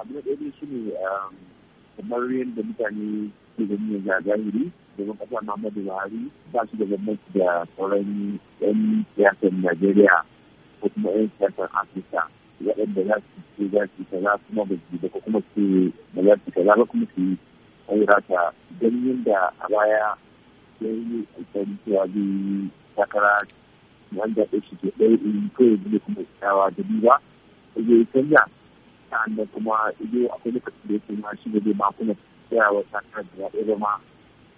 abu na ɗaya shi ne um, kamar yadda mutane ke gani yanzu a zahiri domin ƙasa Muhammadu Buhari ba shi da gwamnati da sauran 'yan siyasar Najeriya ko kuma 'yan siyasar Afirka waɗanda za su ce za su kaza kuma ba su ko kuma su ba za su kaza ba kuma su aura ta ganin da a baya ya yi alƙawarin cewa zai yi takara wanda ɗaya shi ke ɗaya in kawai zai kuma tsawa da biyu ba zai canja da kuma ido akwai lokacin da yake ma shi da zai ba kuma wa takarar da ya ɗaya zama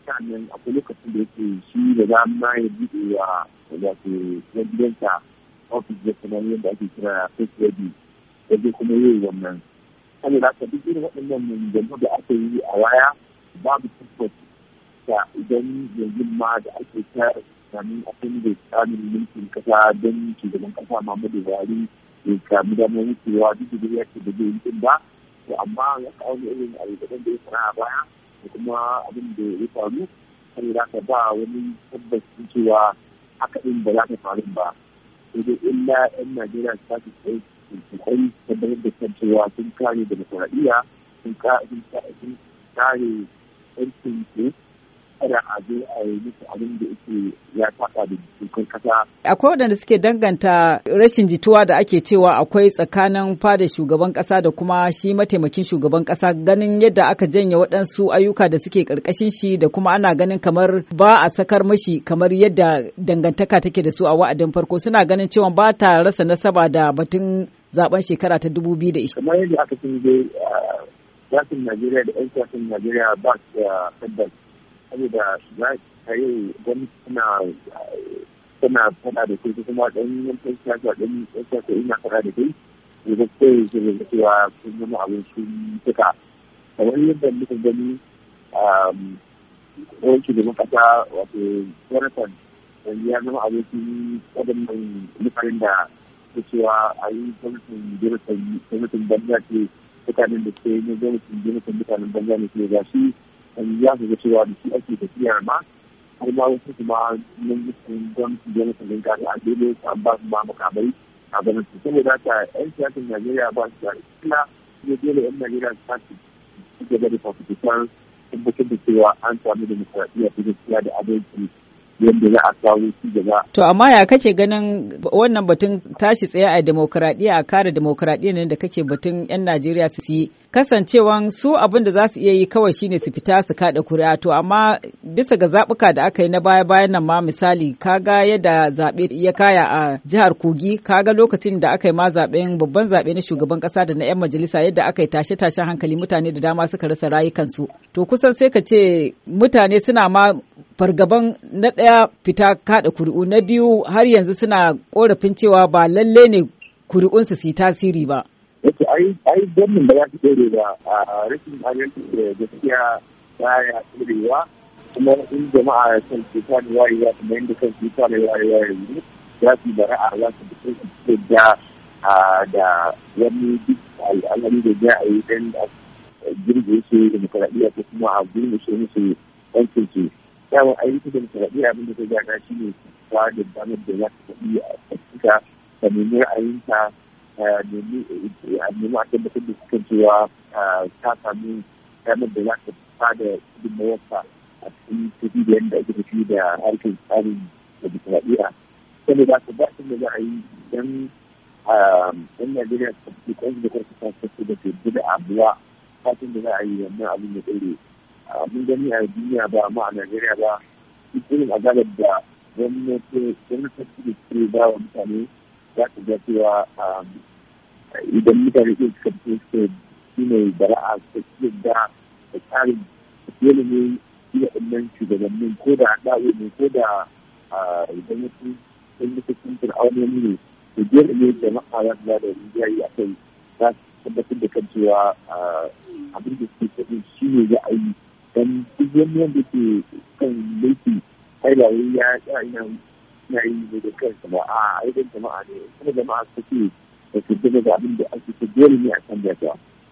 sa'annan akwai lokacin da yake shi da za ma ya buɗe wa wato ta ofis da kuma yadda ake kira fake ready da zai kuma yi wannan da haka duk irin waɗannan maganganu da aka yi a waya babu tabbas da idan yanzu ma da ake ta tsamin akwai da tsarin mulkin kasa don shugaban kasa Muhammadu Buhari ya samu damar wucewa duk da ya ce da zai yi ba to amma ya kawo ne irin alƙadan da ya fara baya da kuma abin da ya faru kan da ka ba wani tabbas cewa haka ɗin ba za ta faru ba sai dai illa 'yan najeriya ta su tsaye su kwai tabbatar da kan cewa sun kare demokuraɗiyya sun kare 'yancin su kada a zo a yi musu abin da yake ya da kasa. Akwai waɗanda suke danganta rashin jituwa da ake cewa akwai tsakanin fada shugaban kasa da kuma shi mataimakin shugaban kasa ganin yadda aka janye waɗansu ayyuka da suke ƙarƙashin shi da kuma ana ganin kamar ba a sakar mashi kamar yadda dangantaka take da su a wa'adin farko suna ganin cewa ba ta rasa nasaba da batun zaben shekara ta 2020. Kamar yadda aka sun dai siyasin Najeriya da 'yan siyasin Najeriya ba su da saboda za ka yi gwamnati tana tana faɗa da kai kuma ɗan yankin shafa ɗan shafa ina faɗa da kai yanzu kai ke da cewa sun zama abin sun fita kamar yadda muka gani ɗan um, da ƙasa wato jonathan yanzu ya zama abin abokin waɗannan nufarin da ta cewa a yi gwamnatin jonathan banza ce mutanen da ke yi gwamnatin jonathan mutanen banza ne ke gashi za su ga cewa da shi ake tafiyar ma har ma wasu kuma mun sun gwamnati da mutum din kasa a daidai su an ba su ma makamai a gwamnati saboda haka yan siyasar najeriya ba su da kila ne dole yan najeriya su tashi su gaba da fafutukar tabbatar da cewa an samu demokradiyya ta gaskiya da adalci yadda za a kawo su gaba. To amma ya kake ganin wannan batun tashi tsaye a demokuraɗiyya a kare demokuraɗiyya ne da kake batun 'yan Najeriya su yi kasancewan su abin da za su iya yi kawai shine su fita su kaɗa kuri'a to amma bisa ga zaɓuka da aka yi na baya bayan nan ma misali kaga yadda zaɓe ya kaya a jihar Kogi kaga lokacin da aka yi ma zaɓen babban zaɓe na shugaban ƙasa da na 'yan majalisa yadda aka yi tashe-tashen hankali mutane da dama suka rasa rayukansu to kusan sai ka ce mutane suna ma fargaban na ɗaya fita kaɗa kuri'u na biyu har yanzu suna korafin cewa ba lalle ne kuri'unsu su yi tasiri ba. Yake ai ai gwamnan ba za su ɗore ba a rashin adalci da gaskiya ba ya ɗorewa kuma in jama'a ya san su ta wayewa kuma inda kan su ta da wayewa yanzu za su ra'a za su fito su fito da da wani duk al'amari da za a yi dan a girbe su demokradiyya ko kuma a girbe su musu yawon ayyuka da demokradiyya abin da ta gada shi ne kuwa da damar da za ta faɗi a tsakika da nemi ra'ayinta a nemi a tabbatar da suka cewa ta sami damar da za ta cikin mayarsa a cikin tafi da yadda ake tafi da harkar tsarin da demokradiyya saboda haka ba su da za a yi don yan najeriya su fi kwanci da kwanci ta da ke gudu a buwa fatin da za a yi wannan abin da ɗaure mun gani a duniya ba amma a najeriya ba irin azabar da gwamnati gwamnati ke ba wa mutane za ta ga cewa um, idan mutane ke suka fito shi ne bara'a suka ke da da tsarin dole ne iya ɗannan shugabannin ko da ɗawe ne ko da gwamnati gwamnati sun fir'aunoni ne da dole ne jama'a za da da rijiya yi a kai za su tabbatar da kan cewa abin da suke faɗin shi ne ya ayi dan duk wani wanda ke kan laifi ai ba ya ya ina na yi ne da kansa ba a aikin jama'a ne kuma jama'a suke da su da abin da ake dole ne a kan da